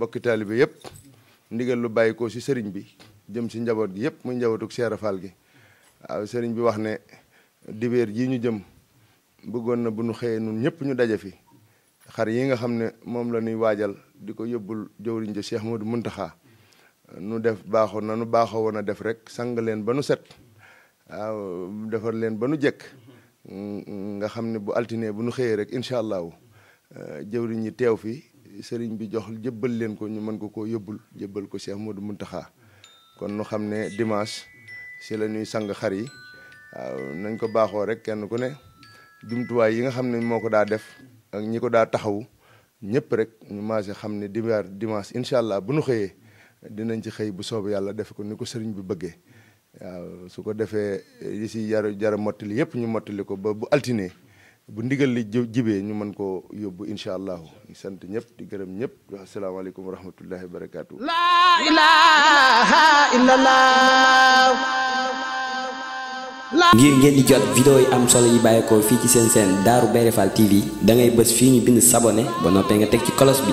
bokki taalibe yëpp ndigal lu bàyyi ko si sëriñ bi jëm si njaboot gi yëpp muy njabootuk Cheikh Rafal gi waaw sëriñ bi wax ne dibéer ji ñu jëm bëggoon na bu ñu xëyee nun ñëpp ñu daje fi xar yi nga xam ne moom la ñuy waajal di ko yóbbul jëwriñ moo di Modou xaa nu def baaxoo na nu baaxoo woon a def rek sang leen ba nu set waaw defar leen ba nu jekk nga xam ne bu altine bu nu xëyee rek incha allahu jëwriñ yi teew fi sëriñ bi jox jëbbal leen ko ñu mën ko koo yóbbul jëbbal ko Cheikh Modou Mountakha kon nu xam ne dimanche si la ñuy sang xar yi waaw nañ ko baaxoo rek kenn ku ne jumtuwaay yi nga xam ne moo ko daa def ak ñi ko daa taxawu ñëpp rek ñu maase xam ne dibaar dimanche incha allah bu nu xëyee dinañ ci xëy bu soobu yàlla def ko ni ko sëriñ bi bëggee waaw su ko defee yi si jar jar mottali yëpp ñu mottali ko ba bu altine bu ndigal li jibee ñu mën koo yóbbu incha allah ñu sant ñëpp di gërëm ñëpp wax asalaamaaleykum wa rahmatullahi ngir ngeen di jot vidéo yi am solo yi bàyyeekoo fii ci seen seen Darou Bairé Fall TV da ngay fii ñu bind sabonné ba noppee nga teg ci kolos bi.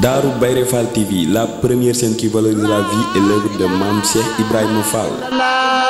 Darou Bayré Fall TV, la première scène qui valorise la vie et l'œuvre de Mam Cheikh Ibrahim Fall.